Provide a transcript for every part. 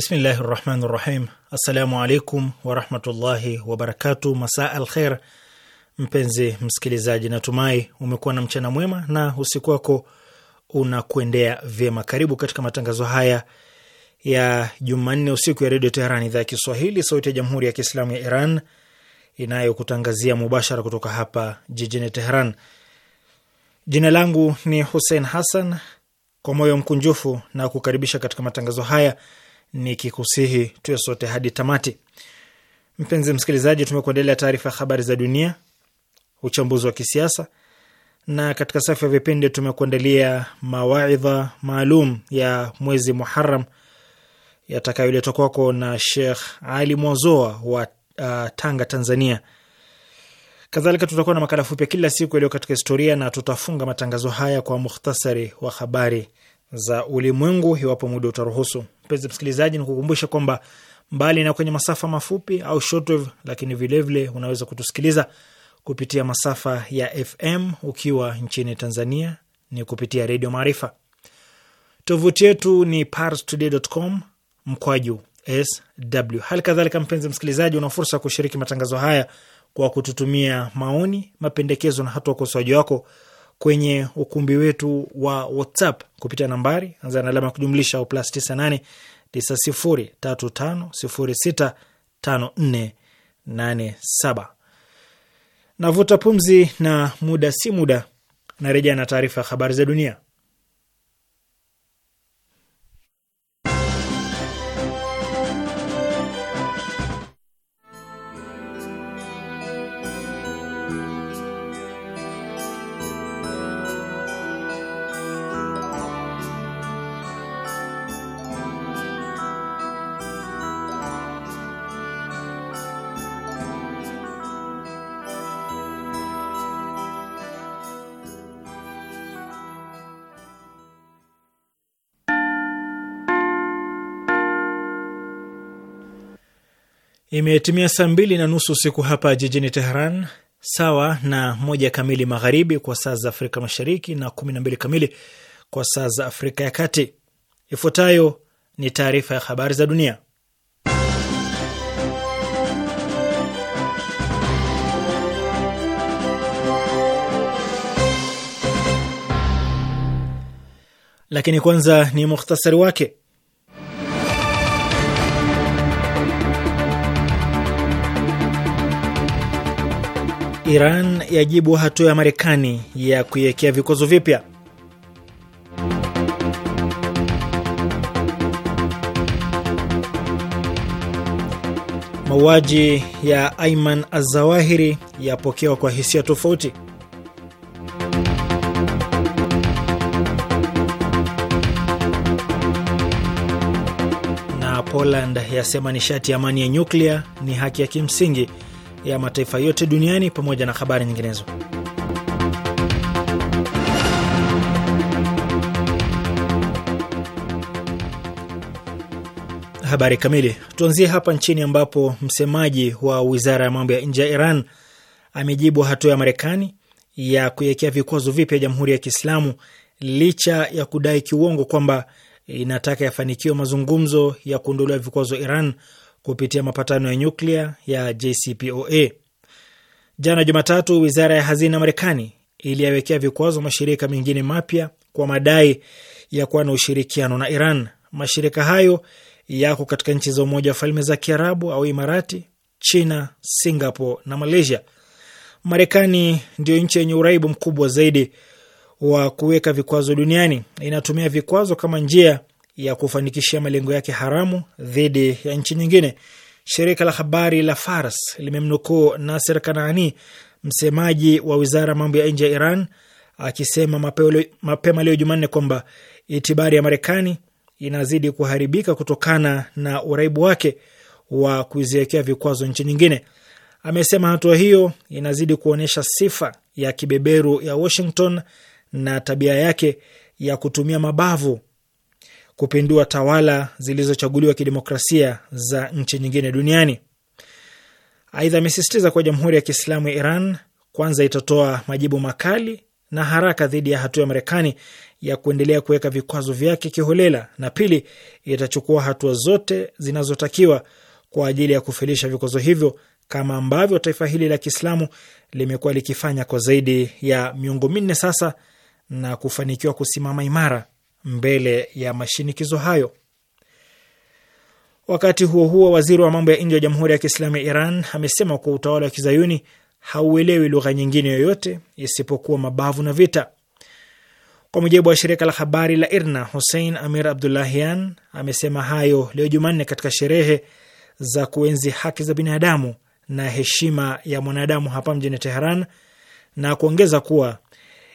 Bismillahi rahmani rahim. Assalamu alaikum warahmatullahi wabarakatu. Masa al kher, mpenzi msikilizaji, natumai umekuwa na mchana mwema na usiku wako unakuendea vyema. Karibu katika matangazo haya ya Jumanne usiku ya Redio Teheran, idhaa ya Kiswahili, sauti ya Jamhuri ya Kiislamu ya Iran inayokutangazia mubashara kutoka hapa jijini Teheran. Jina langu ni Hussein Hassan, kwa moyo mkunjufu na kukaribisha katika matangazo haya nikikusihi tuwe sote hadi tamati. Mpenzi msikilizaji, tumekuendelea taarifa ya habari za dunia, uchambuzi wa kisiasa, na katika safu ya vipindi tumekuandalia mawaidha maalum ya mwezi Muharam yatakayoletwa kwako na shekh Ali Mwazoa wa uh, Tanga, Tanzania. Kadhalika tutakuwa na makala fupi kila siku yaliyo katika historia, na tutafunga matangazo haya kwa mukhtasari wa habari za ulimwengu iwapo muda utaruhusu. Mpenzi msikilizaji, ni kukumbusha kwamba mbali na kwenye masafa mafupi au shortwave, lakini vilevile unaweza kutusikiliza kupitia masafa ya FM ukiwa nchini Tanzania ni kupitia Redio Maarifa. Tovuti yetu ni parstoday.com mkwaju sw. Hali kadhalika, mpenzi msikilizaji, una fursa ya kushiriki matangazo haya kwa kututumia maoni, mapendekezo na hata ukosoaji wako kwenye ukumbi wetu wa WhatsApp kupitia nambari anza na alama ya kujumlisha au plus 98 Navuta pumzi, na muda si muda narejea na taarifa ya habari za dunia. Imetimia saa mbili na nusu usiku hapa jijini Teheran, sawa na moja kamili magharibi kwa saa za Afrika Mashariki na kumi na mbili kamili kwa saa za Afrika ya Kati. Ifuatayo ni taarifa ya habari za dunia, lakini kwanza ni muhtasari wake. Iran yajibu hatua ya Marekani ya kuiwekea vikwazo vipya. Mauaji ya Aiman Azawahiri yapokewa kwa hisia tofauti. Na Poland yasema nishati ya amani ya nyuklia ni haki ya kimsingi ya mataifa yote duniani pamoja na habari nyinginezo. Habari kamili tuanzie hapa nchini ambapo msemaji wa wizara ya mambo ya nje ya Iran amejibu hatua ya Marekani ya kuiwekea vikwazo vipya Jamhuri ya Kiislamu licha ya kudai kiuongo kwamba inataka yafanikiwe mazungumzo ya kuondolewa vikwazo Iran kupitia mapatano ya nyuklia ya JCPOA. Jana Jumatatu, wizara ya hazina Marekani iliyawekea vikwazo mashirika mengine mapya kwa madai ya kuwa na ushirikiano na Iran. Mashirika hayo yako katika nchi za Umoja wa Falme za Kiarabu au Imarati, China, Singapore na Malaysia. Marekani ndiyo nchi yenye uraibu mkubwa zaidi wa kuweka vikwazo duniani. Inatumia vikwazo kama njia ya kufanikishia malengo yake haramu dhidi ya nchi nyingine. Shirika la habari la Fars limemnukuu Nasser Kanaani, msemaji wa wizara mambo ya nje ya Iran, akisema mapema leo Jumanne kwamba itibari ya Marekani inazidi kuharibika kutokana na uraibu wake wa kuziwekea vikwazo nchi nyingine. Amesema hatua hiyo inazidi kuonyesha sifa ya kibeberu ya Washington na tabia yake ya kutumia mabavu kupindua tawala zilizochaguliwa kidemokrasia za nchi nyingine duniani. Aidha, amesisitiza kuwa Jamhuri ya Kiislamu ya Iran kwanza itatoa majibu makali na haraka dhidi ya hatua ya Marekani ya kuendelea kuweka vikwazo vyake kiholela, na pili, itachukua hatua zote zinazotakiwa kwa ajili ya kufilisha vikwazo hivyo kama ambavyo taifa hili la Kiislamu limekuwa likifanya kwa zaidi ya miongo minne sasa na kufanikiwa kusimama imara mbele ya mashinikizo hayo. Wakati huo huo, waziri wa mambo ya nje wa Jamhuri ya Kiislamu ya Iran amesema kuwa utawala wa kizayuni hauelewi lugha nyingine yoyote isipokuwa mabavu na vita. Kwa mujibu wa shirika la habari la IRNA, Hussein Amir Abdullahian amesema hayo leo Jumanne katika sherehe za kuenzi haki za binadamu na heshima ya mwanadamu hapa mjini Teheran na kuongeza kuwa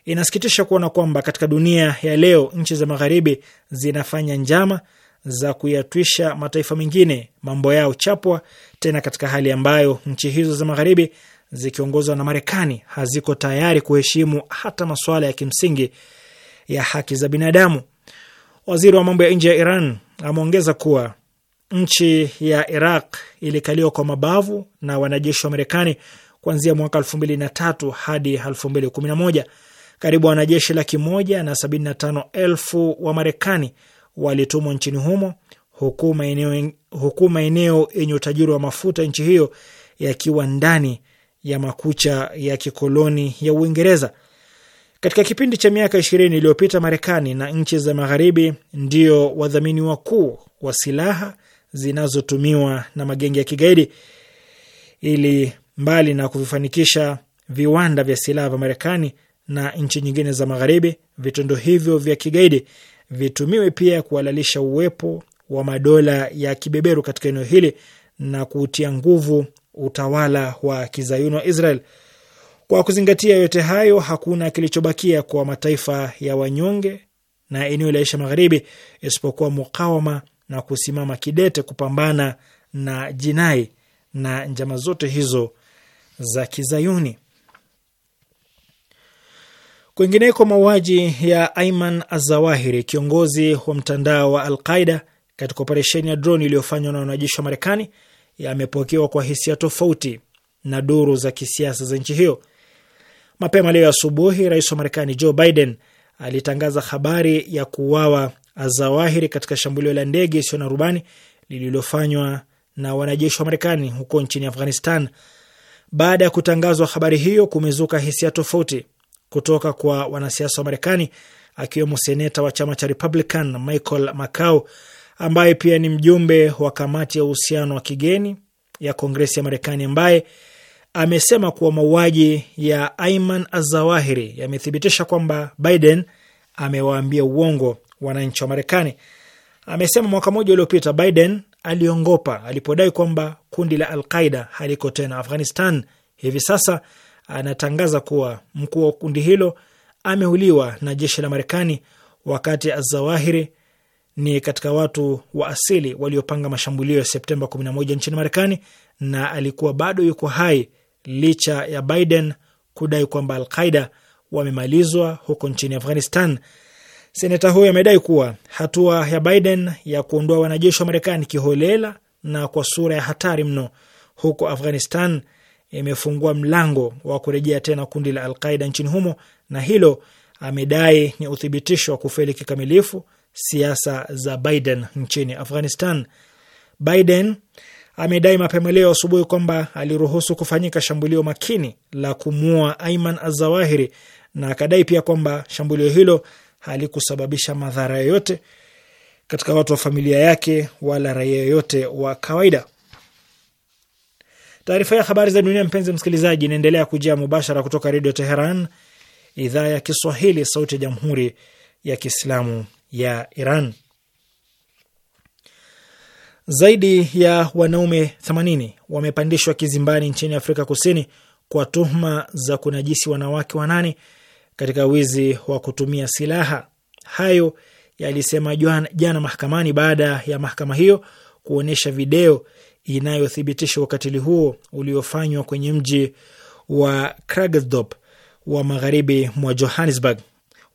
Inasikitisha kuona kwamba katika dunia ya leo nchi za magharibi zinafanya njama za kuyatwisha mataifa mengine mambo yao chapwa, tena katika hali ambayo nchi hizo za magharibi zikiongozwa na Marekani haziko tayari kuheshimu hata masuala ya kimsingi ya haki za binadamu. Waziri wa mambo ya nje ya Iran ameongeza kuwa nchi ya Iraq ilikaliwa kwa mabavu na wanajeshi wa Marekani kuanzia mwaka elfu mbili na tatu hadi elfu mbili kumi na moja. Karibu wanajeshi laki moja na sabini na tano elfu wa Marekani walitumwa nchini humo huku maeneo yenye utajiri wa mafuta nchi hiyo yakiwa ndani ya makucha ya kikoloni ya Uingereza. Katika kipindi cha miaka ishirini iliyopita, Marekani na nchi za Magharibi ndio wadhamini wakuu wa silaha zinazotumiwa na magenge ya kigaidi, ili mbali na kuvifanikisha viwanda vya silaha vya Marekani na nchi nyingine za Magharibi, vitendo hivyo vya kigaidi vitumiwe pia kuhalalisha uwepo wa madola ya kibeberu katika eneo hili na kuutia nguvu utawala wa kizayuni wa Israel. Kwa kuzingatia yote hayo, hakuna kilichobakia kwa mataifa ya wanyonge na eneo la Asia Magharibi isipokuwa mukawama na kusimama kidete kupambana na jinai na njama zote hizo za kizayuni. Kwingineko, mauaji ya Aiman Azawahiri, kiongozi wa mtandao wa Alqaida, katika operesheni ya droni iliyofanywa na wanajeshi wa Marekani yamepokewa kwa hisia tofauti na duru za kisiasa za nchi hiyo. Mapema leo asubuhi, rais wa Marekani Joe Biden alitangaza habari ya kuuawa Azawahiri katika shambulio la ndege isiyo na rubani lililofanywa na wanajeshi wa Marekani huko nchini Afghanistan. Baada ya kutangazwa habari hiyo, kumezuka hisia tofauti kutoka kwa wanasiasa wa Marekani, akiwemo seneta wa chama cha Republican Michael Macau, ambaye pia ni mjumbe wa kamati ya uhusiano wa kigeni ya Kongresi ya Marekani, ambaye amesema kuwa mauaji ya Ayman Azawahiri yamethibitisha kwamba Biden amewaambia uongo wananchi wa Marekani. Amesema mwaka mmoja uliopita Biden aliongopa alipodai kwamba kundi la Alqaida haliko tena Afghanistan. Hivi sasa anatangaza kuwa mkuu wa kundi hilo ameuliwa na jeshi la Marekani, wakati Azawahiri ni katika watu wa asili waliopanga mashambulio ya Septemba 11 nchini Marekani na alikuwa bado yuko hai licha ya Biden kudai kwamba Alqaida wamemalizwa huko nchini Afghanistan. Seneta huyo amedai kuwa hatua ya Biden ya kuondoa wanajeshi wa Marekani kiholela na kwa sura ya hatari mno huko Afghanistan imefungua mlango wa kurejea tena kundi la Alqaida nchini humo, na hilo amedai ni uthibitisho wa kufeli kikamilifu siasa za Biden nchini Afghanistan. Biden amedai mapema leo asubuhi kwamba aliruhusu kufanyika shambulio makini la kumua Aiman Azawahiri na akadai pia kwamba shambulio hilo halikusababisha madhara yoyote katika watu wa familia yake wala raia yoyote wa kawaida. Taarifa ya habari za dunia, mpenzi msikilizaji, inaendelea kujia mubashara kutoka Redio Teheran, idhaa ya Kiswahili, sauti ya Jamhuri ya Kiislamu ya Iran. Zaidi ya wanaume 80 wamepandishwa kizimbani nchini Afrika Kusini kwa tuhuma za kunajisi wanawake wanane katika wizi wa kutumia silaha. Hayo yalisema jana mahakamani baada ya mahakama hiyo kuonyesha video inayothibitisha ukatili huo uliofanywa kwenye mji wa Krugersdorp wa magharibi mwa Johannesburg.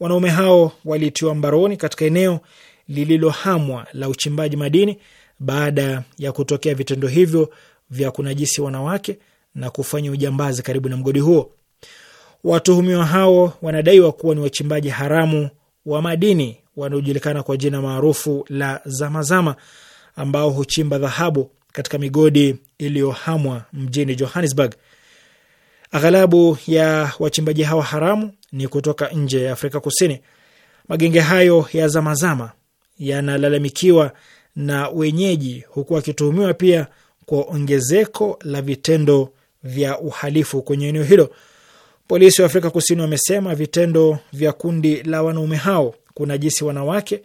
Wanaume hao walitiwa mbaroni katika eneo lililohamwa la uchimbaji madini baada ya kutokea vitendo hivyo vya kunajisi wanawake na kufanya ujambazi karibu na mgodi huo. Watuhumiwa hao wanadaiwa kuwa ni wachimbaji haramu wa madini wanaojulikana kwa jina maarufu la Zamazama, ambao huchimba dhahabu katika migodi iliyohamwa mjini Johannesburg. Aghalabu ya wachimbaji hawa haramu ni kutoka nje ya Afrika Kusini. Magenge hayo ya zamazama yanalalamikiwa na wenyeji, huku akituhumiwa pia kwa ongezeko la vitendo vya uhalifu kwenye eneo hilo. Polisi wa Afrika Kusini wamesema vitendo vya kundi la wanaume hao kunajisi wanawake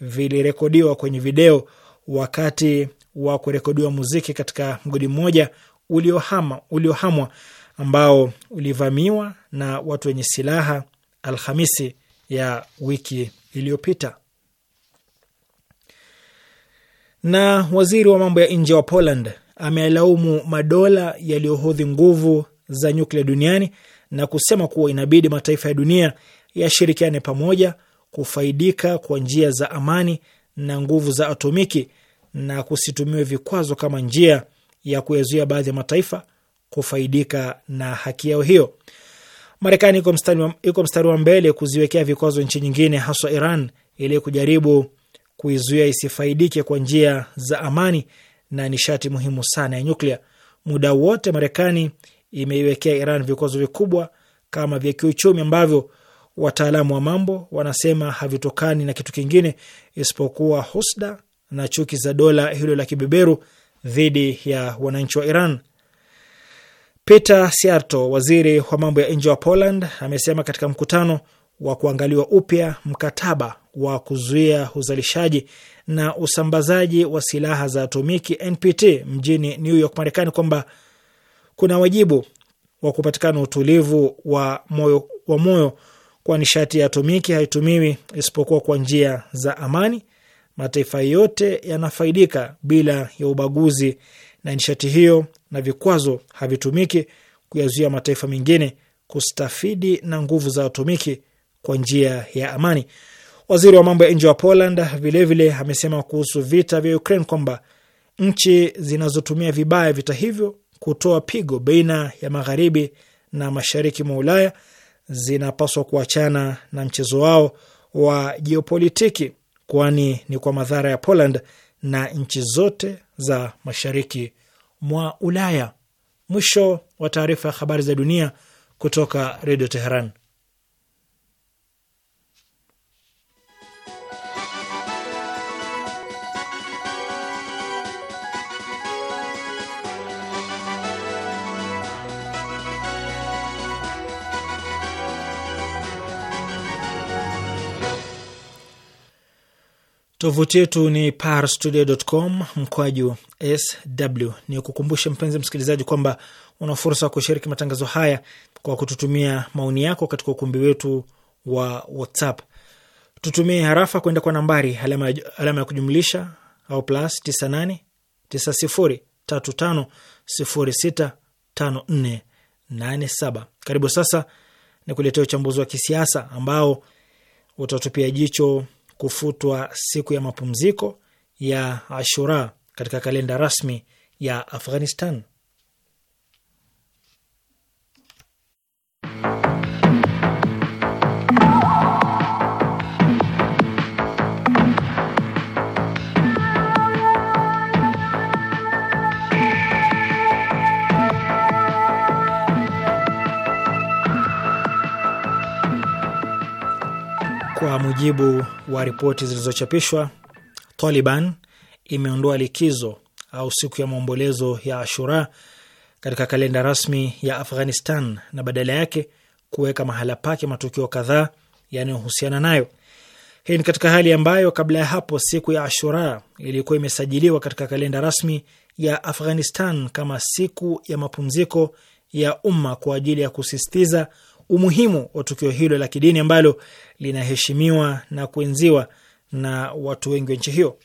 vilirekodiwa kwenye video wakati wa kurekodiwa muziki katika mgodi mmoja uliohamwa uliohamwa ambao ulivamiwa na watu wenye silaha Alhamisi ya wiki iliyopita. Na waziri wa mambo ya nje wa Poland amealaumu madola yaliyohodhi nguvu za nyuklia duniani na kusema kuwa inabidi mataifa ya dunia yashirikiane pamoja kufaidika kwa njia za amani na nguvu za atomiki na kusitumiwe vikwazo kama njia ya kuyazuia baadhi ya mataifa kufaidika na haki yao hiyo. Marekani iko mstari wa mbele kuziwekea vikwazo nchi nyingine, haswa Iran, ili kujaribu kuizuia isifaidike kwa njia za amani na nishati muhimu sana ya nyuklia. Muda wote Marekani imeiwekea Iran vikwazo vikubwa kama vya kiuchumi ambavyo wataalamu wa mambo wanasema havitokani na kitu kingine isipokuwa husda na chuki za dola hilo la kibeberu dhidi ya wananchi wa Iran. Peter Siarto, waziri wa mambo ya nje wa Poland, amesema katika mkutano wa kuangaliwa upya mkataba wa kuzuia uzalishaji na usambazaji wa silaha za atomiki NPT mjini New York, Marekani, kwamba kuna wajibu wa kupatikana utulivu wa moyo wa moyo, kwa nishati ya atomiki haitumiwi isipokuwa kwa njia za amani mataifa yote yanafaidika bila ya ubaguzi, na nishati hiyo na vikwazo havitumiki kuyazuia mataifa mengine kustafidi na nguvu za atomiki kwa njia ya amani. Waziri wa mambo ya nje wa Poland vilevile amesema kuhusu vita vya Ukraine kwamba nchi zinazotumia vibaya vita hivyo kutoa pigo baina ya magharibi na mashariki mwa Ulaya zinapaswa kuachana na mchezo wao wa jiopolitiki kwani ni kwa madhara ya Poland na nchi zote za mashariki mwa Ulaya. Mwisho wa taarifa ya habari za dunia kutoka Redio Teheran. Tovuti yetu ni parstudio.com mkwaju sw. Ni kukumbushe mpenzi msikilizaji kwamba una fursa ya kushiriki matangazo haya kwa kututumia maoni yako katika ukumbi wetu wa WhatsApp. Tutumie harafa kwenda kwa nambari alama, alama ya kujumlisha au plus 98 Karibu sasa ni kuletea uchambuzi wa kisiasa ambao utatupia jicho kufutwa siku ya mapumziko ya Ashura katika kalenda rasmi ya Afghanistan. Kwa mujibu wa ripoti zilizochapishwa, Taliban imeondoa likizo au siku ya maombolezo ya Ashura katika kalenda rasmi ya Afghanistan na badala yake kuweka mahala pake matukio kadhaa yanayohusiana nayo. Hii ni katika hali ambayo kabla ya hapo siku ya Ashura ilikuwa imesajiliwa katika kalenda rasmi ya Afghanistan kama siku ya mapumziko ya umma kwa ajili ya kusisitiza umuhimu wa tukio hilo la kidini ambalo linaheshimiwa na kuenziwa na watu wengi wa nchi hiyo.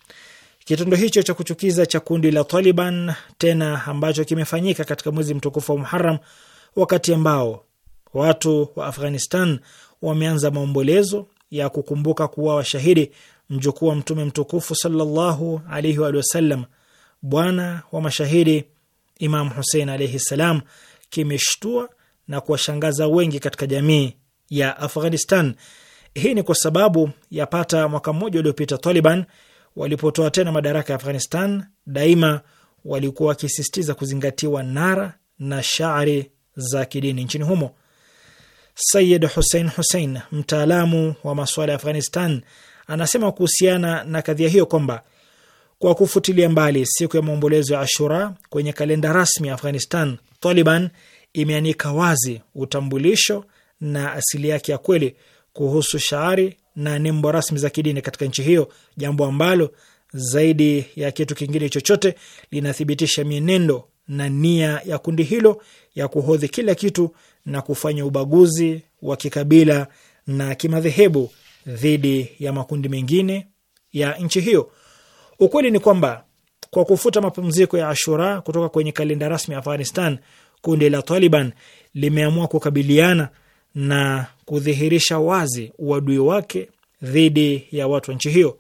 Kitendo hicho cha kuchukiza cha kundi la Taliban tena ambacho kimefanyika katika mwezi mtukufu wa Muharram, wakati ambao watu wa Afghanistan wameanza maombolezo ya kukumbuka kuwa washahidi mjukuu wa Mtume mtukufu sallallahu alaihi wa sallam, bwana wa mashahidi Imam Husein alaihi salam, kimeshtua na kuwashangaza wengi katika jamii ya Afghanistan. Hii ni kwa sababu yapata mwaka mmoja uliopita Taliban walipotoa tena madaraka ya Afghanistan, daima walikuwa wakisisitiza kuzingatiwa nara na shaari za kidini nchini humo. Sayid Hussein Hussein, mtaalamu wa masuala ya Afghanistan, anasema kuhusiana na kadhia hiyo kwamba kwa kufutilia mbali siku ya maombolezo ya Ashura kwenye kalenda rasmi ya Afghanistan, Taliban imeanika wazi utambulisho na asili yake ya kweli kuhusu shaari na nembo rasmi za kidini katika nchi hiyo, jambo ambalo zaidi ya kitu kingine chochote linathibitisha mienendo na nia ya kundi hilo ya kuhodhi kila kitu na kufanya ubaguzi wa kikabila na kimadhehebu dhidi ya makundi mengine ya nchi hiyo. Ukweli ni kwamba kwa kufuta mapumziko ya Ashura kutoka kwenye kalenda rasmi ya Afghanistan kundi la Taliban limeamua kukabiliana na kudhihirisha wazi uadui wake dhidi ya watu wa nchi hiyo.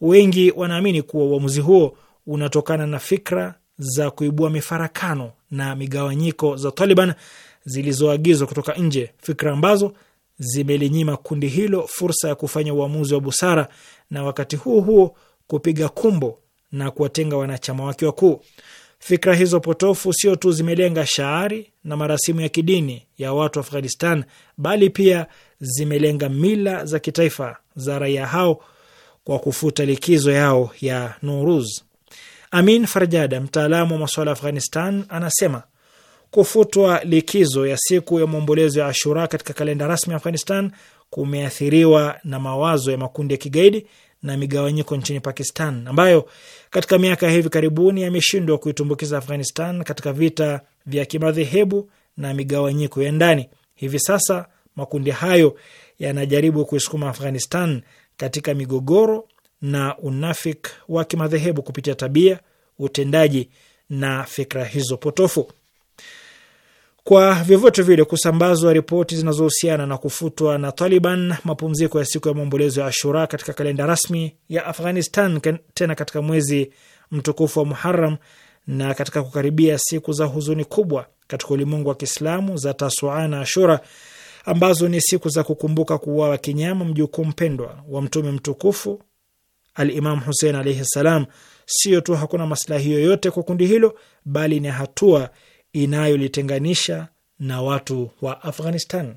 Wengi wanaamini kuwa uamuzi huo unatokana na fikra za kuibua mifarakano na migawanyiko za Taliban zilizoagizwa kutoka nje, fikra ambazo zimelinyima kundi hilo fursa ya kufanya uamuzi wa busara na wakati huo huo kupiga kumbo na kuwatenga wanachama wake wakuu. Fikra hizo potofu sio tu zimelenga shaari na marasimu ya kidini ya watu wa Afghanistan, bali pia zimelenga mila za kitaifa za raia hao kwa kufuta likizo yao ya Nuruz. Amin Farjada, mtaalamu wa masuala ya Afghanistan, anasema kufutwa likizo ya siku ya maombolezo ya Ashura katika kalenda rasmi ya Afghanistan kumeathiriwa na mawazo ya makundi ya kigaidi na migawanyiko nchini Pakistan ambayo katika miaka ya hivi karibuni yameshindwa kuitumbukiza Afghanistan katika vita vya kimadhehebu na migawanyiko ya ndani. Hivi sasa makundi hayo yanajaribu kuisukuma Afghanistan katika migogoro na unafik wa kimadhehebu kupitia tabia, utendaji na fikra hizo potofu. Kwa vyovyote vile, kusambazwa ripoti zinazohusiana na kufutwa na Taliban mapumziko ya siku ya maombolezo ya Ashura katika kalenda rasmi ya Afghanistan, tena katika mwezi mtukufu wa Muharram na katika kukaribia siku za huzuni kubwa katika ulimwengu wa Kiislamu za Tasua na Ashura ambazo ni siku za kukumbuka kuuawa kinyama mjukuu mpendwa wa Mtume mtukufu Alimam Husein alaihi ssalam, sio tu hakuna maslahi yoyote kwa kundi hilo, bali ni hatua inayolitenganisha na watu wa Afghanistan.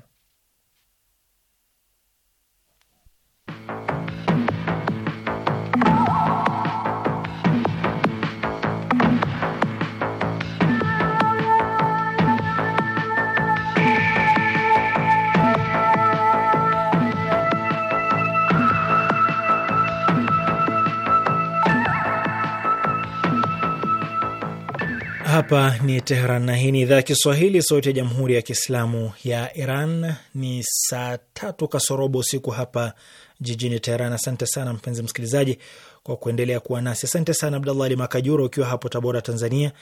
Hapa ni Teheran na hii ni idhaa ya Kiswahili, sauti ya jamhuri ya kiislamu ya Iran. Ni saa tatu kasorobo usiku hapa jijini Teheran. Asante sana mpenzi msikilizaji kwa kuendelea kuwa nasi. Asante sana Abdallah Ali Makajura ukiwa hapo Tabora, Tanzania,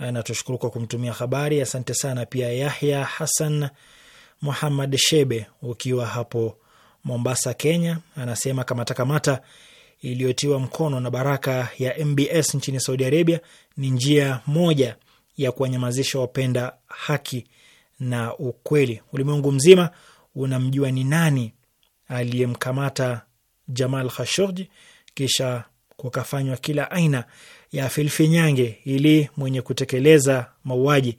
eh, natushukuru kwa kumtumia habari. Asante sana pia Yahya Hasan Muhammad Shebe ukiwa hapo Mombasa, Kenya, anasema kamatakamata iliyotiwa mkono na baraka ya MBS nchini Saudi Arabia ni njia moja ya kuwanyamazisha wapenda haki na ukweli. Ulimwengu mzima unamjua ni nani aliyemkamata Jamal Khashoggi kisha kukafanywa kila aina ya filfinyange ili mwenye kutekeleza mauaji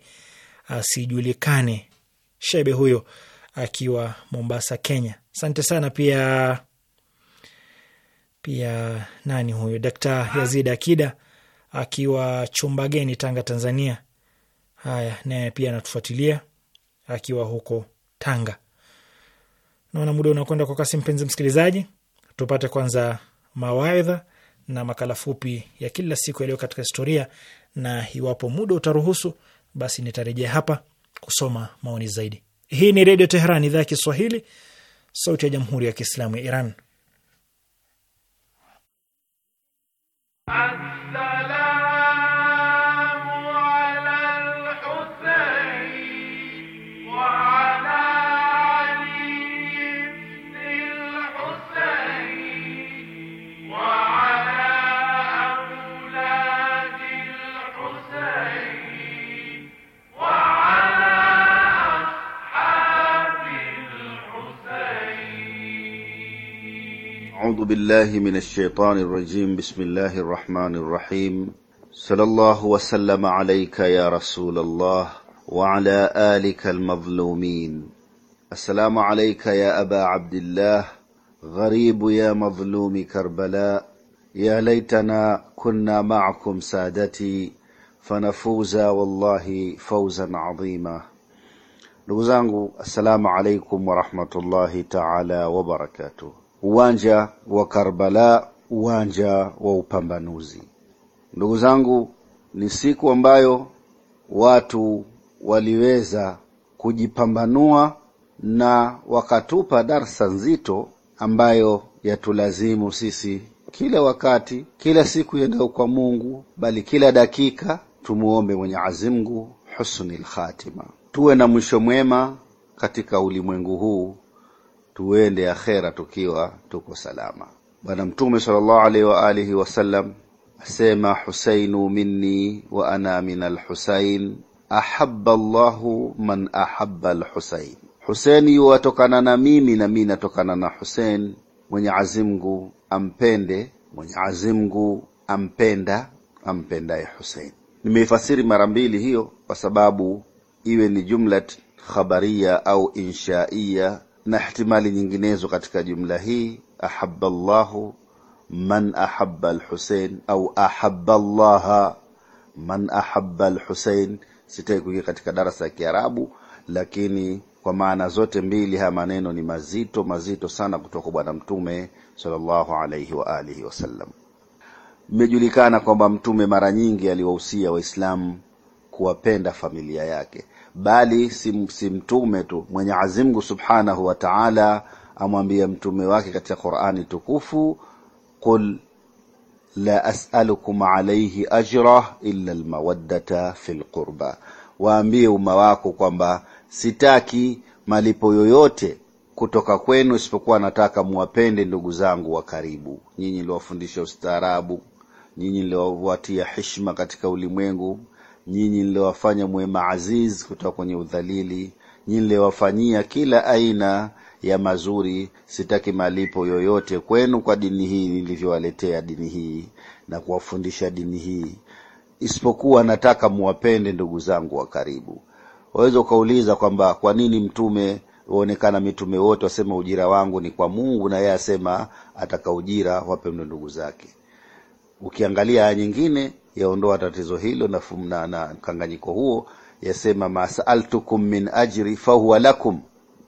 asijulikane. Shebe huyo akiwa Mombasa, Kenya. Asante sana pia pia nani huyo Dakta Yazid Akida akiwa Chumbageni, Tanga, Tanzania. Haya, naye pia anatufuatilia akiwa huko Tanga. Naona muda unakwenda kwa kasi, mpenzi msikilizaji, tupate kwanza mawaidha na makala fupi ya kila siku yaliyo katika historia, na iwapo muda utaruhusu, basi nitarejea hapa kusoma maoni zaidi. Hii ni Redio Teheran, idhaa ya Kiswahili, sauti ya Jamhuri ya Kiislamu ya Iran. Asala. بالله من الشيطان الرجيم بسم الله الرحمن الرحيم صلى الله وسلم عليك يا رسول الله وعلى آلك المظلومين السلام عليك يا أبا عبد الله غريب يا مظلوم كربلاء يا ليتنا كنا معكم سادتي فنفوز والله فوزا عظيما ndugu zangu assalamu alaikum warahmatullahi taala wabarakatuh uwanja wa Karbala, uwanja wa upambanuzi. Ndugu zangu, ni siku ambayo watu waliweza kujipambanua na wakatupa darsa nzito ambayo yatulazimu sisi kila wakati, kila siku yendao kwa Mungu, bali kila dakika tumuombe Mwenyezi Mungu husnul khatima, tuwe na mwisho mwema katika ulimwengu huu tuende akhera tukiwa tuko salama. Bwana Mtume sallallahu alaihi wa alihi wasallam asema, husainu minni wa ana min alhusain ahabba llahu man ahabba alhusain, Husaini yuwatokana na mimi na mimi natokana na Husain. Mwenyezi Mungu ampende, Mwenyezi Mungu ampenda ampendaye Husain. Nimeifasiri mara mbili hiyo kwa sababu iwe ni jumla khabaria au inshaia na ihtimali nyinginezo katika jumla hii, ahabba llahu man ahabba lhusein au ahabba llaha man ahabba lhusein Sitaki kuingia katika darasa ya Kiarabu, lakini kwa maana zote mbili haya maneno ni mazito mazito sana kutoka kwa Bwana Mtume sallallahu alaihi wa alihi wasallam. Imejulikana kwamba Mtume mara nyingi aliwahusia Waislamu kuwapenda familia yake bali si mtume tu. mwenye azimgu subhanahu wa taala amwambia mtume wake katika Qurani tukufu, qul la as'alukum alayhi ajra illa almawaddata fil qurba, waambie umma wako kwamba sitaki malipo yoyote kutoka kwenu isipokuwa nataka muwapende ndugu zangu wa karibu. Nyinyi niliwafundisha ustaarabu, nyinyi niliwatia heshima katika ulimwengu nyinyi niliwafanya mwe maaziz kutoka kwenye udhalili, nyinyi niliwafanyia kila aina ya mazuri, sitaki malipo yoyote kwenu kwa dini hii nilivyowaletea dini hii na kuwafundisha dini hii, isipokuwa nataka muwapende ndugu zangu wa karibu. Waweza ukauliza kwamba kwa nini mtume waonekana mitume wote wasema ujira wangu ni kwa Mungu, na yeye asema ataka ujira wapendwe ndugu zake. Ukiangalia aya nyingine yaondoa tatizo hilo na fumna na mkanganyiko huo, yasema masaltukum min ajri fahuwa lakum,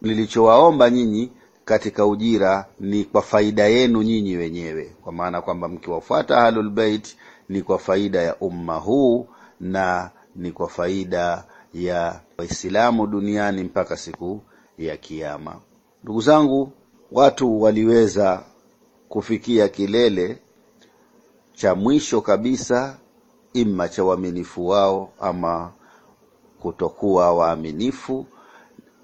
nilichowaomba nyinyi katika ujira ni kwa faida yenu nyinyi wenyewe, kwa maana kwamba mkiwafuata ahlul bait ni kwa faida ya umma huu na ni kwa faida ya Waislamu duniani mpaka siku ya Kiyama. Ndugu zangu, watu waliweza kufikia kilele cha mwisho kabisa imma cha uaminifu wao ama kutokuwa waaminifu,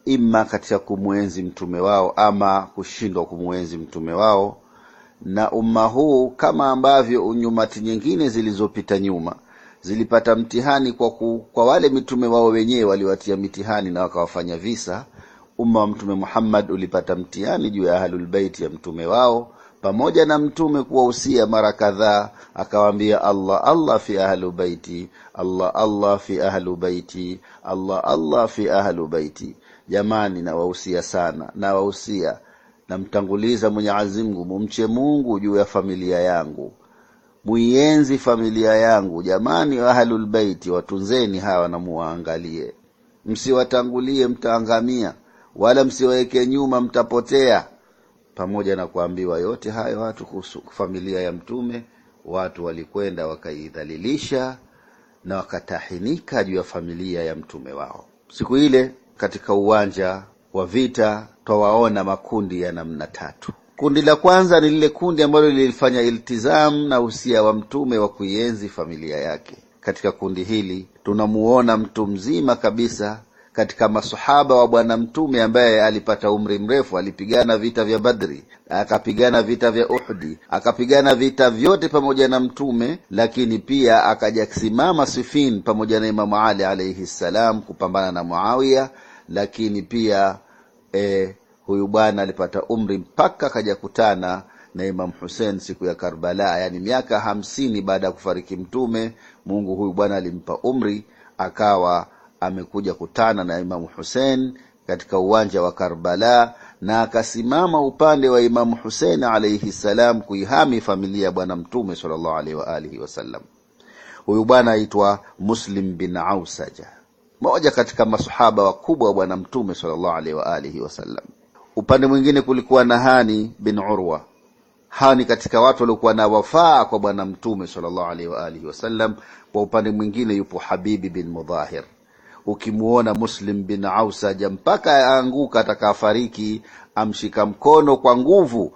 imma katika kumwenzi mtume wao ama kushindwa kumwenzi mtume wao na umma huu kama ambavyo unyumati nyingine zilizopita nyuma zilipata mtihani kwa, ku, kwa wale mitume wao wenyewe waliwatia mitihani na wakawafanya visa. Umma wa Mtume Muhammad ulipata mtihani juu ya Ahlulbeiti ya mtume wao pamoja na mtume kuwahusia mara kadhaa, akawaambia Allah Allah fi ahlu baiti, Allah Allah fi ahlu baiti, Allah Allah fi ahlu baiti. Jamani, nawahusia sana, nawahusia namtanguliza mwenyeazimgu mumche Mungu juu ya familia yangu, muienzi familia yangu. Jamani, ahlulbeiti watunzeni hawa namuwaangalie msiwatangulie mtaangamia, wala msiwaweke nyuma mtapotea pamoja na kuambiwa yote hayo watu kuhusu familia ya Mtume, watu walikwenda wakaidhalilisha na wakatahinika juu ya familia ya mtume wao. Siku ile katika uwanja wa vita twawaona makundi ya namna tatu. Kundi la kwanza ni lile kundi ambalo lilifanya iltizamu na usia wa mtume wa kuienzi familia yake. Katika kundi hili tunamuona mtu mzima kabisa katika masahaba wa Bwana Mtume ambaye alipata umri mrefu. Alipigana vita vya Badri, akapigana vita vya Uhudi, akapigana vita vyote pamoja na Mtume, lakini pia akajasimama Sifin pamoja na Imamu Ali alaihi ssalam kupambana na Muawiya. Lakini pia e, huyu bwana alipata umri mpaka akajakutana na Imam Hussein siku ya Karbala, yani miaka hamsini baada ya kufariki Mtume. Mungu huyu bwana alimpa umri akawa amekuja kutana na Imamu Husein katika uwanja wa Karbala na akasimama upande wa Imamu Husein alaihi salam kuihami familia ya Bwana Mtume sallallahu alaihi wa alihi wasallam. Huyu bwana aitwa Muslim bin Ausaja, moja katika masahaba wakubwa wa Bwana Mtume sallallahu alaihi wa alihi wasallam. Upande mwingine kulikuwa na Hani bin Urwa. Hani katika watu waliokuwa na wafaa kwa Bwana Mtume sallallahu alaihi wa alihi wasallam. Kwa upande mwingine yupo Habibi bin Mudhahir ukimwona Muslim bin Ausaja mpaka aanguka atakafariki, amshika mkono kwa nguvu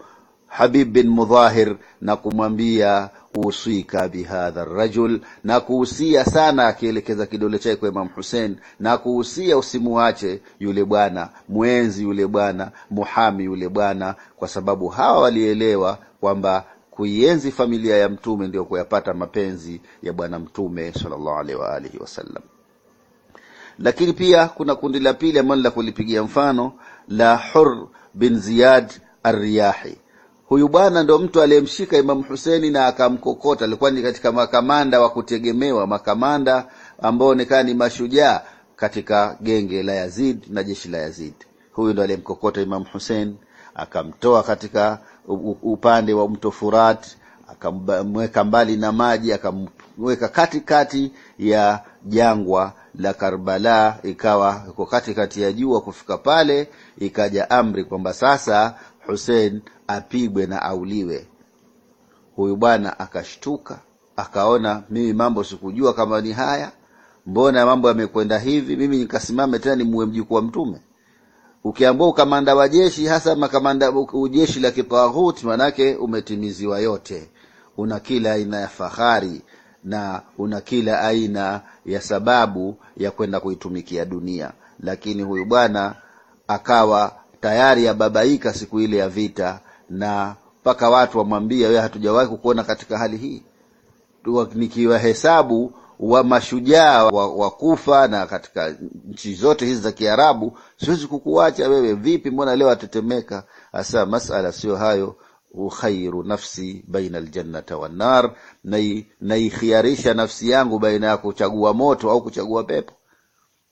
Habib bin Mudhahir na kumwambia usika bihadha rajul, na kuhusia sana, akielekeza kidole chake kwa Imam Hussein na kuhusia, usimuache yule bwana, mwenzi yule bwana, muhami yule bwana, kwa sababu hawa walielewa kwamba kuienzi familia ya Mtume ndio kuyapata mapenzi ya Bwana Mtume sallallahu alaihi wa alihi wasallam. Lakini pia kuna kundi la pili ambalo la kulipigia mfano la Hur bin Ziyad Arriyahi. Huyu bwana ndo mtu aliyemshika Imamu huseni na akamkokota. Alikuwa ni katika makamanda wa kutegemewa, makamanda ambao onekana ni mashujaa katika genge la Yazid na jeshi la Yazid. Huyu ndo aliyemkokota Imamu husen akamtoa katika upande wa mto Furat, akamweka mbali na maji, akamweka katikati ya jangwa la Karbala, ikawa iko katikati ya jua. Kufika pale, ikaja amri kwamba sasa Hussein apigwe na auliwe. Huyu bwana akashtuka, akaona mimi mambo sikujua kama ni haya, mbona mambo yamekwenda hivi? Mimi nikasimame tena nimuue mjukuu wa Mtume? Ukiambua ukamanda wa jeshi hasa makamanda jeshi la kitaghuti, manake umetimiziwa yote, una kila aina ya fahari na una kila aina ya sababu ya kwenda kuitumikia dunia lakini huyu bwana akawa tayari ababaika siku ile ya vita na mpaka watu wamwambia wewe hatujawahi kukuona katika hali hii hesabu wa mashujaa wa, wa kufa na katika nchi zote hizi za Kiarabu, siwezi kukuacha wewe. Vipi, mbona leo atetemeka? Hasa masala sio hayo ukhairu nafsi baina aljannata wannar, naikhiarisha nafsi yangu baina ya kuchagua moto au kuchagua pepo.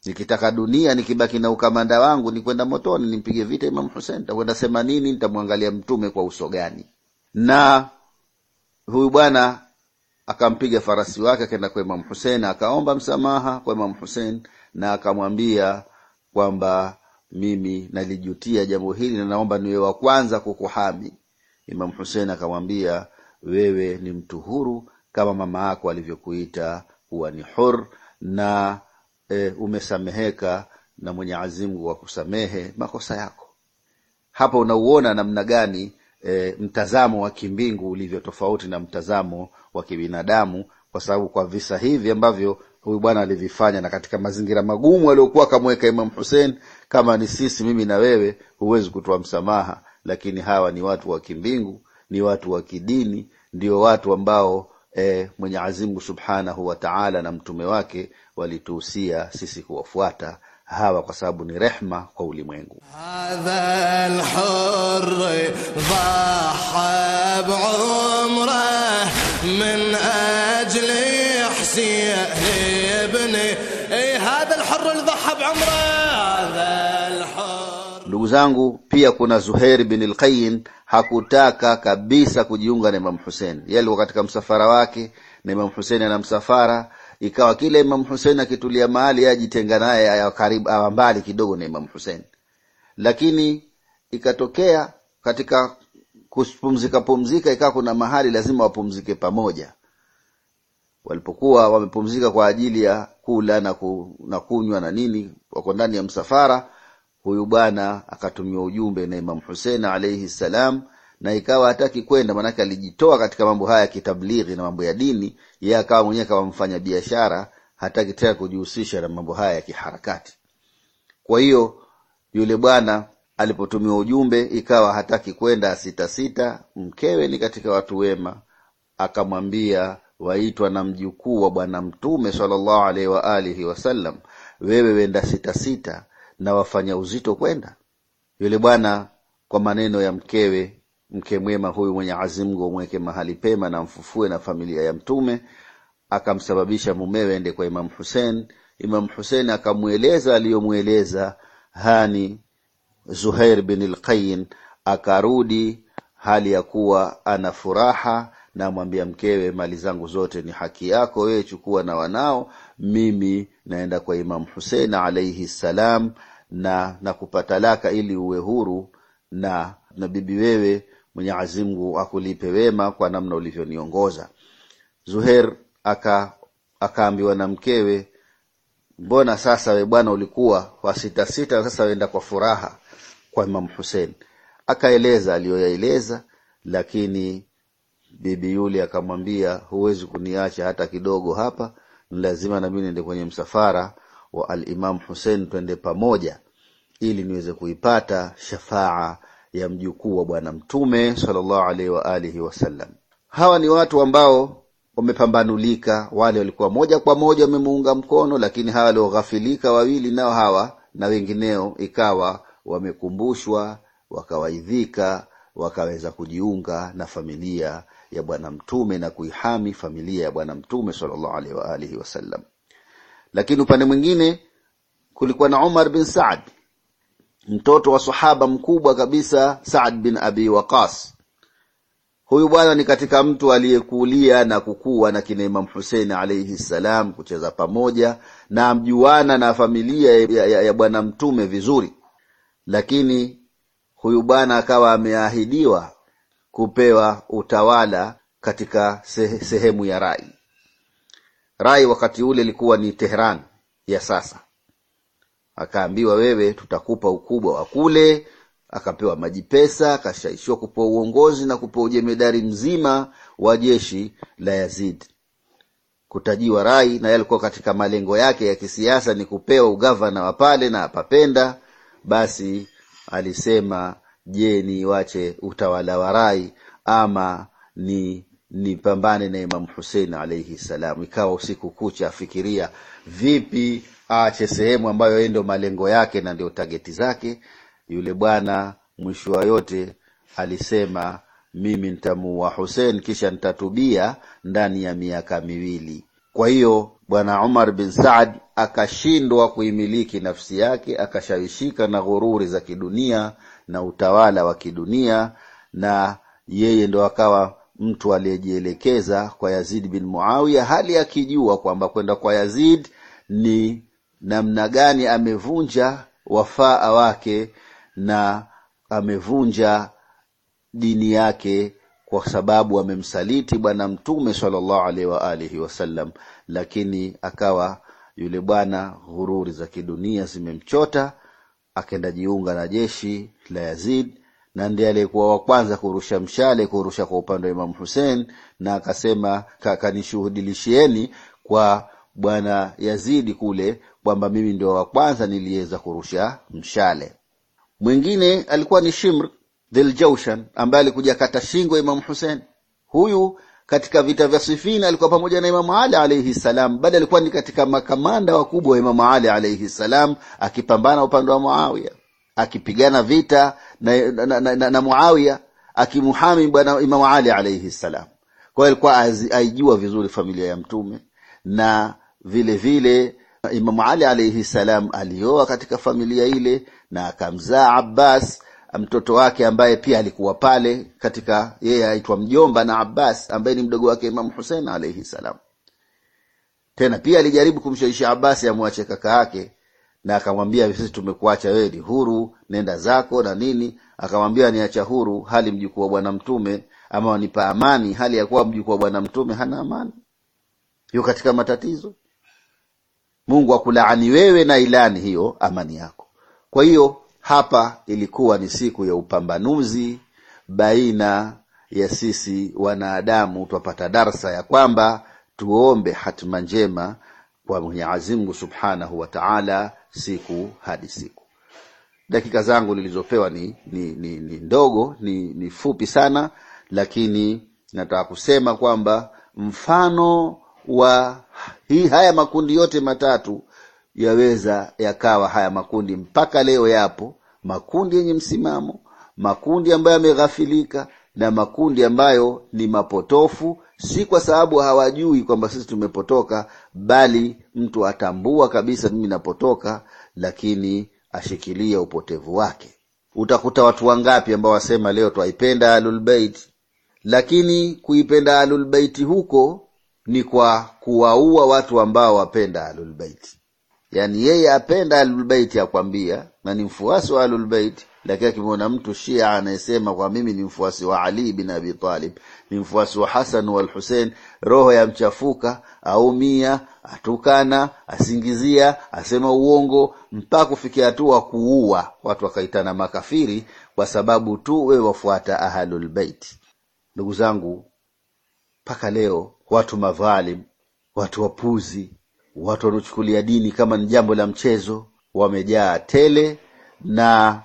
Nikitaka dunia, nikibaki na ukamanda wangu, nikwenda motoni, nimpige vita Imam Hussein. takwenda sema nini? mtume kwa uso gani? Na huyu bwana akampiga farasi wake, akaenda kwa Imam Hussein, akaomba msamaha kwa Imam Hussein na akamwambia kwamba mimi nalijutia jambo hili na naomba niwe wa kwanza kukuhami imam Husein akamwambia, wewe ni mtu huru kama mama yako alivyokuita huwa ni hur, na e, umesameheka na mwenye azimu wa kusamehe makosa yako. Hapa unauona namna gani e, mtazamo wa kimbingu ulivyo tofauti na mtazamo wa kibinadamu, kwa sababu kwa visa hivi ambavyo huyu bwana alivifanya na katika mazingira magumu aliyokuwa akamweka Imam Hussein, kama ni sisi, mimi na wewe, huwezi kutoa msamaha lakini hawa ni watu wa kimbingu, ni watu wa kidini, ndio watu ambao e, eh, Mwenyezi Mungu Subhanahu wa Ta'ala na mtume wake walituhusia sisi kuwafuata hawa kwa sababu ni rehma kwa ulimwengu zangu, pia kuna Zuhair bin Lqayim hakutaka kabisa kujiunga na Imam Hussein. Yeye alikuwa katika msafara wake na Imam Hussein ana msafara, ikawa kila Imam Hussein akitulia mahali ajitenga naye karibu mbali kidogo na Imam Hussein. Lakini ikatokea katika kupumzika pumzika, ikawa kuna mahali lazima wapumzike pamoja. Walipokuwa wamepumzika kwa ajili ya kula na kunywa na nini, wako ndani ya msafara huyu bwana akatumia ujumbe na Imam Hussein alayhi salam, na ikawa hataki kwenda, maanake alijitoa katika mambo haya ya kitablighi na mambo ya dini. Yeye akawa mwenyewe kama mfanya biashara, hataki tena kujihusisha na mambo haya ya kiharakati. Kwa hiyo yule bwana alipotumia ujumbe, ikawa hataki kwenda, asitasita. Mkewe ni katika watu wema, akamwambia waitwa na mjukuu wa Bwana Mtume sallallahu alaihi alihi wasallam, wewe wenda sitasita na wafanya uzito kwenda yule bwana kwa maneno ya mkewe mke mwema huyu mwenye azimgu amweke mahali pema na mfufue na familia ya Mtume, akamsababisha mumewe ende kwa Imamu husen Imamu husen akamweleza aliyomweleza hani Zuhair bin lqayin akarudi hali ya kuwa ana furaha namwambia mkewe, mali zangu zote ni haki yako wewe, chukua na wanao, mimi naenda kwa Imam Husein alaihi ssalam, na na kupatalaka ili uwe huru na na bibi wewe, Mwenyezi Mungu akulipe wema kwa namna ulivyoniongoza. Zuher aka akaambiwa na mkewe, mbona sasa we bwana ulikuwa wasitasita, sasa wenda kwa furaha kwa Imam Husein. Akaeleza aliyoyaeleza, lakini bibi yule akamwambia, huwezi kuniacha hata kidogo hapa lazima nami niende kwenye msafara wa Alimam Husein, twende pamoja ili niweze kuipata shafaa ya mjukuu wa Bwana Mtume sallallahu alaihi wa alihi wasallam. Hawa ni watu ambao wamepambanulika. Wale walikuwa moja kwa moja wamemuunga mkono, lakini hawa walioghafilika wawili nao hawa na wengineo, ikawa wamekumbushwa, wakawaidhika, wakaweza kujiunga na familia ya Bwana Mtume na kuihami familia ya Bwana Mtume sallallahu alaihi wa alihi wasallam. Lakini upande mwingine kulikuwa na Umar bin Saad, mtoto wa sahaba mkubwa kabisa Saad bin Abi Waqas. Huyu bwana ni katika mtu aliyekulia na kukua na kina Imam Hussein alaihi salam, kucheza pamoja na mjuana na familia ya, ya, ya Bwana Mtume vizuri, lakini huyu bwana akawa ameahidiwa kupewa utawala katika sehemu ya Rai. Rai wakati ule ilikuwa ni Tehran ya sasa. Akaambiwa, wewe tutakupa ukubwa wa kule. Akapewa maji pesa, akashaishiwa kupewa uongozi na kupewa ujemedari mzima wa jeshi la Yazid. Kutajiwa Rai na yalikuwa katika malengo yake ya kisiasa ni kupewa ugavana wa pale, na apapenda basi alisema je ni wache utawala wa rai ama ni nipambane na imam Husein alaihi salam. Ikawa usiku kucha afikiria vipi aache sehemu ambayo yeye ndio malengo yake na ndio tageti zake. Yule bwana mwisho wa yote alisema mimi nitamuua Husein kisha nitatubia ndani ya miaka miwili. Kwa hiyo bwana Umar bin Saad akashindwa kuimiliki nafsi yake, akashawishika na ghururi za kidunia na utawala wa kidunia, na yeye ndo akawa mtu aliyejielekeza kwa Yazid bin Muawiya, hali akijua kwamba kwenda kwa Yazid ni namna gani amevunja wafaa wake na amevunja dini yake kwa sababu amemsaliti Bwana Mtume sallallahu alaihi wa alihi wasallam, lakini akawa yule bwana ghururi za kidunia zimemchota, akenda jiunga na jeshi la Yazid, na ndiye aliyekuwa wa kwanza kurusha mshale, kurusha kwa upande wa Imamu husein na akasema kanishuhudilishieni kwa bwana Yazidi kule kwamba mimi ndio wa kwanza niliweza kurusha mshale. Mwingine alikuwa ni Shimr dhiljaushan ambaye alikuja kata shingo Imamu Hussein. Huyu katika vita vya Sifina alikuwa pamoja na Imamu Ali alaihi salam, bali alikuwa ni katika makamanda wakubwa wa Imamu Ali alaihi salam, akipambana upande wa Muawiya, akipigana vita na, na, na, na, na Muawiya, akimuhami bwana Imamu Ali alaihi salam. Kwa hiyo alikuwa aijua vizuri familia ya Mtume na vile vile Imamu Ali alaihi salam alioa katika familia ile na akamzaa Abbas mtoto wake ambaye pia alikuwa pale katika yeye aitwa mjomba na Abbas ambaye ni mdogo wake Imam Hussein alayhi salam. Tena pia alijaribu kumshawishi Abbas amwache ya kaka yake, na akamwambia sisi tumekuacha wewe ni huru, nenda zako na nini. Akamwambia niacha huru hali mjukuu wa bwana mtume, ama wanipa amani hali ya kuwa mjukuu wa bwana mtume hana amani, yuko katika matatizo. Mungu akulaani wewe na ilani hiyo amani yako. Kwa hiyo hapa ilikuwa ni siku ya upambanuzi baina ya sisi wanadamu, twapata darsa ya kwamba tuombe hatima njema kwa mwenye azimgu subhanahu wa taala, siku hadi siku. Dakika zangu nilizopewa ni, ni, ni, ni ndogo ni, ni fupi sana, lakini nataka kusema kwamba mfano wa hii haya makundi yote matatu yaweza yakawa haya makundi mpaka leo yapo makundi yenye msimamo, makundi ambayo yameghafilika na makundi ambayo ni mapotofu, si kwa sababu hawajui kwamba sisi tumepotoka, bali mtu atambua kabisa, mimi napotoka, lakini ashikilia upotevu wake. Utakuta watu wangapi ambao wasema leo twaipenda Ahlulbeiti, lakini kuipenda Ahlulbeiti huko ni kwa kuwaua watu ambao wapenda Ahlulbeiti. Yani yeye apenda Ahlulbeiti, akwambia na ni mfuasi wa Ahlulbeit, lakini akimwona mtu Shia anayesema kwa mimi ni mfuasi wa Ali bin Abi Talib, ni mfuasi wa Hasan wal roho roho mchafuka aumia, atukana, asingizia, asema uongo, mpaka kufikia hatua kuua watu, wakaitana makafiri kwa sababu tu we wafuata Ahlulbeit. Ndugu zangu, mpaka leo watu madhalim, watu wapuzi, watu wanaochukulia dini kama ni jambo la mchezo wamejaa tele, na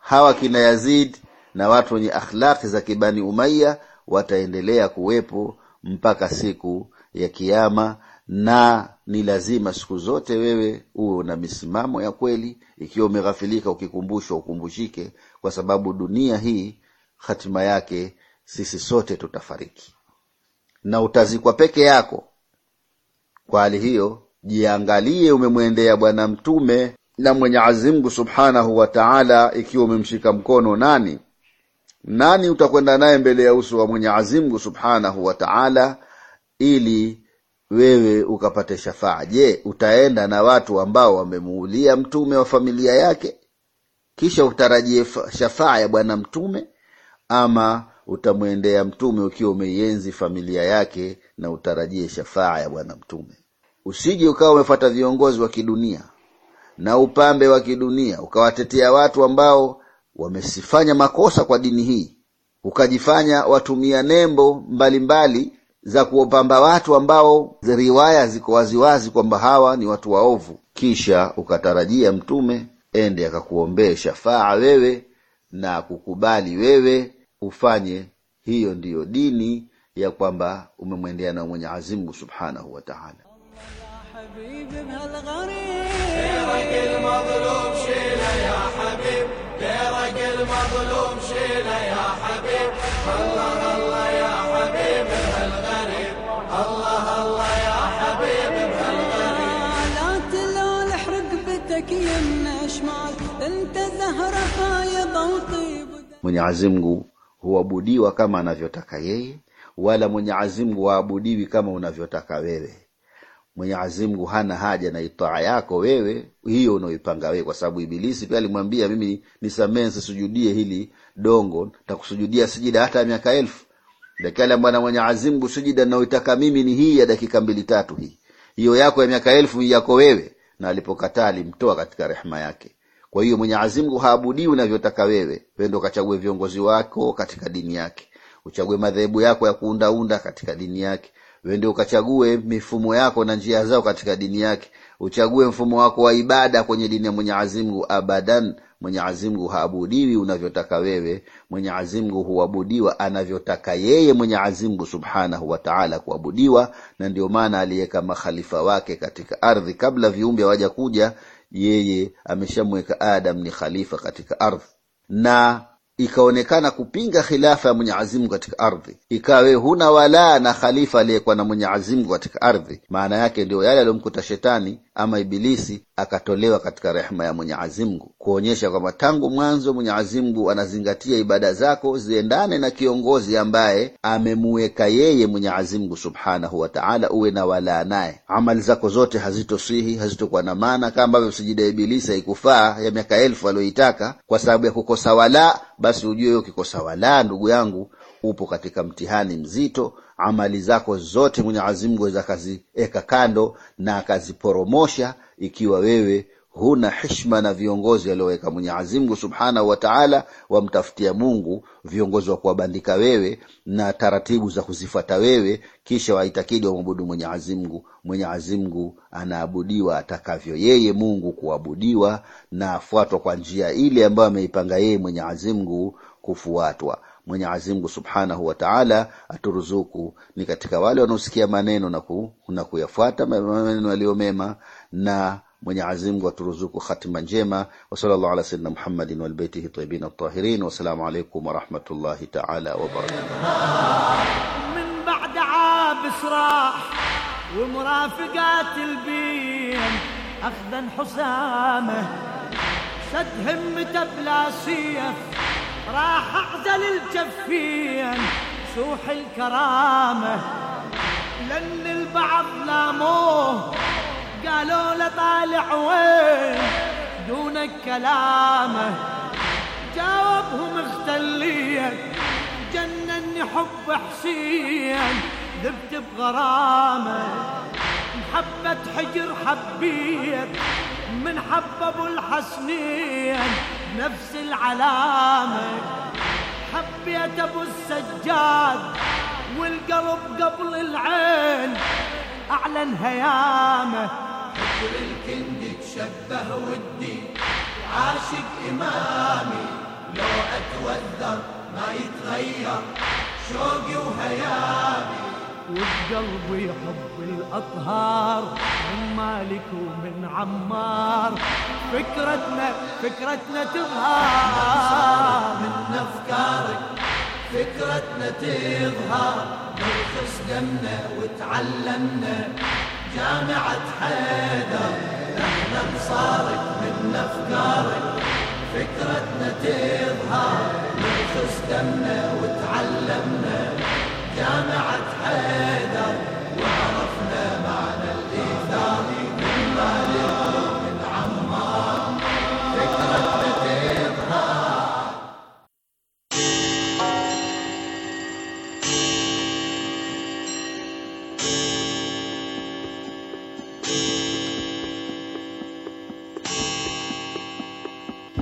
hawa kina Yazid na watu wenye akhlaqi za kibani Umaya wataendelea kuwepo mpaka siku ya Kiama, na ni lazima siku zote wewe uwe na misimamo ya kweli. Ikiwa umeghafilika, ukikumbushwa, ukumbushike, kwa sababu dunia hii hatima yake sisi sote tutafariki, na utazikwa peke yako. Kwa hali hiyo jiangalie umemwendea bwana mtume na mwenye azimgu Subhanahu wa Ta'ala, ikiwa umemshika mkono nani nani utakwenda naye mbele ya uso wa mwenye azimgu Subhanahu wa Ta'ala ili wewe ukapate shafaa. Je, utaenda na watu ambao wamemuulia mtume wa familia yake, kisha utarajie shafaa ya bwana mtume, ama utamwendea mtume ukiwa umeienzi familia yake na utarajie shafaa ya bwana mtume? usije ukawa umefuata viongozi wa kidunia na upambe wa kidunia ukawatetea watu ambao wamesifanya makosa kwa dini hii, ukajifanya watumia nembo mbalimbali mbali za kuwapamba watu ambao riwaya ziko waziwazi kwamba hawa ni watu waovu, kisha ukatarajia mtume ende akakuombee shafaa wewe na kukubali wewe ufanye. Hiyo ndiyo dini ya kwamba umemwendea na mwenye azimgu subhanahu wa taala. حبيب بهالغريب غيرك المظلوم شيله يا حبيب غيرك المظلوم شيله يا حبيب الله الله يا حبيب بهالغريب الله الله يا حبيب بهالغريب لا تلون رقبتك يمنا شمال انت زهره فايضه وطيب mwenye هو huabudiwa kama anavyotaka yeye wala mwenye azimgu waabudiwi kama unavyotaka wewe Mwenyezi Mungu hana haja na itaa yako wewe hiyo unaoipanga wewe, kwa sababu Ibilisi pia alimwambia mimi nisamehe, sisujudie hili dongo, takusujudia sijida hata miaka elfu. Dakika Bwana Mwenyezi Mungu, sujida naoitaka mimi ni hii ya dakika mbili tatu, hii hiyo yako ya miaka elfu hii yako wewe. Na alipokataa alimtoa katika rehema yake. Kwa hiyo Mwenyezi Mungu haabudii unavyotaka wewe. Wewe ndio kachague viongozi wako katika dini yake, uchague madhehebu yako ya kuundaunda katika dini yake, wende ukachague mifumo yako na njia zao katika dini yake uchague mfumo wako wa ibada kwenye dini ya mwenyezi abadan mwenyezi haabudiwi unavyotaka wewe mwenyezi huabudiwa anavyotaka yeye mwenyeazimgu subhanahu wataala kuabudiwa na ndio maana aliweka makhalifa wake katika ardhi kabla viumbe awaja kuja yeye ameshamweka adam ni khalifa katika ardhi na ikaonekana kupinga khilafa ya Mwenyezi katika ardhi, ikawe huna walaa na khalifa aliyekuwa na Mwenyezi katika ardhi. Maana yake ndio yale aliyomkuta shetani ama Ibilisi, akatolewa katika rehma ya Mwenyezi kuonyesha kwamba tangu mwanzo Mwenyezi anazingatia ibada zako ziendane na kiongozi ambaye amemuweka yeye Mwenyezi subhanahu wataala uwe na walaa naye. Amali zako zote hazitosihi, hazitokuwa na maana, kama ambavyo sijida Ibilisi haikufaa ya miaka elfu aliyoitaka kwa sababu ya kukosa walaa basi ujue hiyo kikosa wala ndugu yangu, upo katika mtihani mzito. Amali zako zote mwenye azimgu aweza akaziweka kando na akaziporomosha, ikiwa wewe huna hishma na viongozi alioweka Mwenyezi Mungu subhanahu wataala Wamtafutia Mungu viongozi wa kuwabandika wewe na taratibu za kuzifata wewe, kisha waitakidi wamwabudu Mwenyezi Mungu. Mwenyezi Mungu anaabudiwa atakavyo yeye Mungu kuabudiwa, na afuatwa kwa njia ile ambayo ameipanga yeye Mwenyezi Mungu kufuatwa. Mwenyezi Mungu subhanahu wataala aturuzuku ni katika wale wanaosikia maneno na kuyafuata maneno yaliyomema na Mwenyezi Mungu aturuzuku khatima njema. Wa sallallahu ala sayyidina Muhammadin wal baitihi tayyibin at-tahirin. Wassalamu alaikum wa rahmatullahi ta'ala wa barakatuh. Min ba'da absrah wa murafiqat al akhdan husamah sad himmata bila siyaf راح اعزل الجفين سوح الكرامه لان البعض لاموه قالوا له طالع وين دونك كلامه جاوبهم اختليت جنني حب حسين ذبت بغرامه محبة حجر حبيت من حب ابو الحسنين نفس العلامة حبيت ابو السجاد والقلب قبل العين اعلن هيامه عبر الكند تشبه ودي عاشق إمامي لو أتوذر ما يتغير شوقي وهيامي وبقلبي حب الأطهار من مالك ومن عمار فكرتنا فكرتنا تظهر من أفكارك فكرتنا تظهر نرخص دمنا وتعلمنا جامعة حيدر نحن بصارك من أفكارك فكرتنا تظهر نغفز دمنا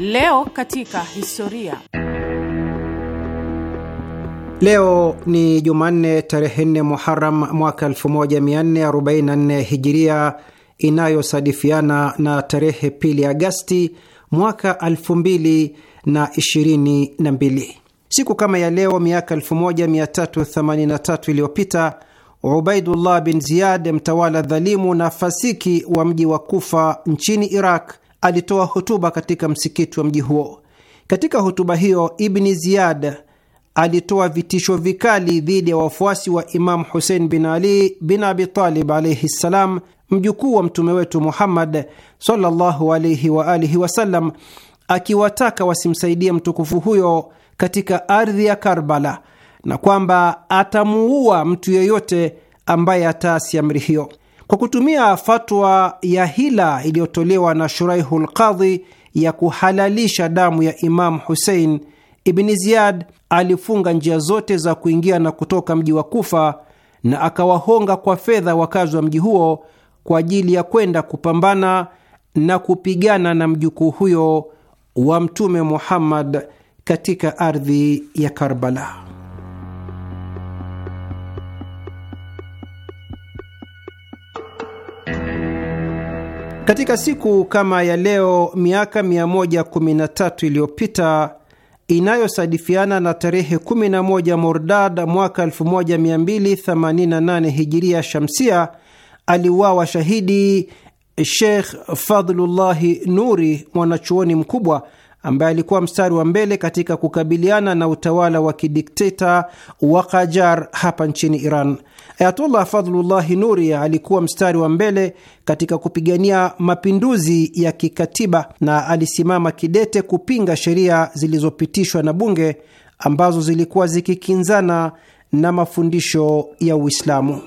Leo katika historia. Leo ni Jumanne tarehe 4 Muharam mwaka 1444 Hijiria, inayosadifiana na tarehe pili Agasti mwaka 222 Siku kama ya leo miaka 1383 iliyopita Ubaidullah bin Ziyad, mtawala dhalimu na fasiki wa mji wa Kufa nchini Iraq, alitoa hotuba katika msikiti wa mji huo. Katika hotuba hiyo, Ibni Ziyad alitoa vitisho vikali dhidi ya wafuasi wa Imamu Husein bin Ali bin Abitalib alaihi ssalam, mjukuu wa mtume wetu Muhammad sallallahu alaihi wa alihi wasallam, akiwataka wasimsaidie mtukufu huyo katika ardhi ya Karbala na kwamba atamuua mtu yeyote ambaye ataasi amri hiyo. Kwa kutumia fatwa ya hila iliyotolewa na Shuraihul Qadhi ya kuhalalisha damu ya Imamu Husein, Ibni Ziyad alifunga njia zote za kuingia na kutoka mji wa Kufa na akawahonga kwa fedha wakazi wa mji huo kwa ajili ya kwenda kupambana na kupigana na mjukuu huyo wa Mtume Muhammad katika ardhi ya Karbala. Katika siku kama ya leo miaka 113 iliyopita inayosadifiana na tarehe 11 Mordad mwaka 1288 hijiria shamsia, aliuawa shahidi Sheikh Fadlullahi Nuri, mwanachuoni mkubwa ambaye alikuwa mstari wa mbele katika kukabiliana na utawala wa kidikteta wa kajar hapa nchini Iran. Ayatullah Fadlullahi Nuri alikuwa mstari wa mbele katika kupigania mapinduzi ya kikatiba na alisimama kidete kupinga sheria zilizopitishwa na bunge ambazo zilikuwa zikikinzana na mafundisho ya Uislamu.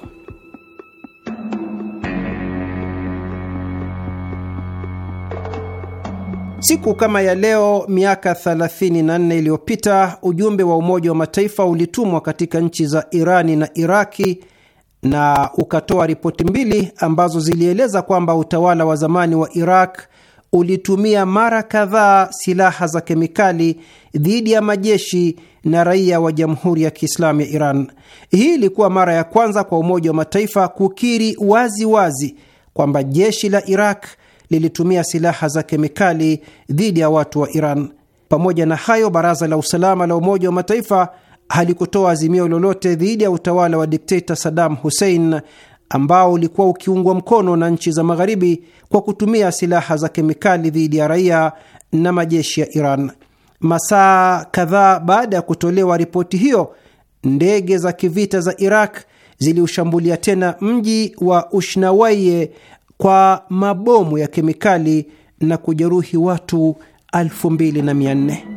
Siku kama ya leo miaka 34 iliyopita ujumbe wa Umoja wa Mataifa ulitumwa katika nchi za Irani na Iraki na ukatoa ripoti mbili ambazo zilieleza kwamba utawala wa zamani wa Iraq ulitumia mara kadhaa silaha za kemikali dhidi ya majeshi na raia wa Jamhuri ya Kiislamu ya Iran. Hii ilikuwa mara ya kwanza kwa Umoja wa Mataifa kukiri wazi wazi kwamba jeshi la Iraq lilitumia silaha za kemikali dhidi ya watu wa Iran. Pamoja na hayo, baraza la usalama la Umoja wa Mataifa halikutoa azimio lolote dhidi ya utawala wa dikteta Saddam Hussein ambao ulikuwa ukiungwa mkono na nchi za Magharibi kwa kutumia silaha za kemikali dhidi ya raia na majeshi ya Iran. Masaa kadhaa baada ya kutolewa ripoti hiyo, ndege za kivita za Iraq ziliushambulia tena mji wa Ushnawaye kwa mabomu ya kemikali na kujeruhi watu elfu mbili na mia nne.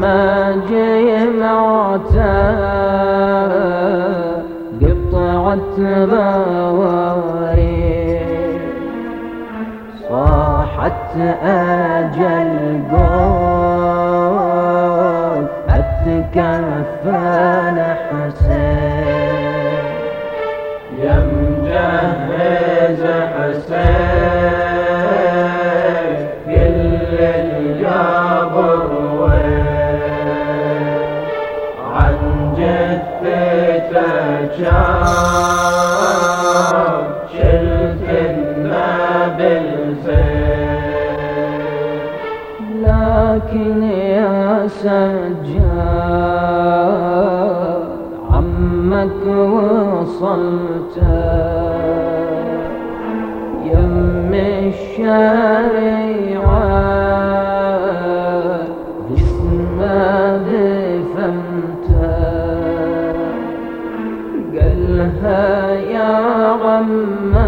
ما جي قطعت بواري صاحت أجل قول أتكفل حسين يا مجهز حسين شلت الما بالفعل لكن يا سجاد عمك وصلت يم الشارع يا غمّا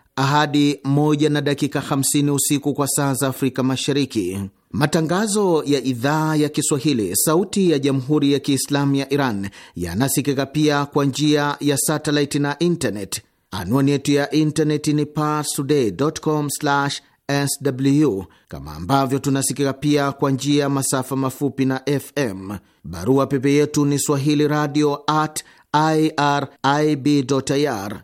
ahadi moja na dakika 50 usiku kwa saa za Afrika Mashariki. Matangazo ya idhaa ya Kiswahili sauti ya Jamhuri ya Kiislamu ya Iran yanasikika pia kwa njia ya satellite na internet. Anwani yetu ya internet ni parstoday.com/sw, kama ambavyo tunasikika pia kwa njia ya masafa mafupi na FM. Barua pepe yetu ni swahili radio at irib.ir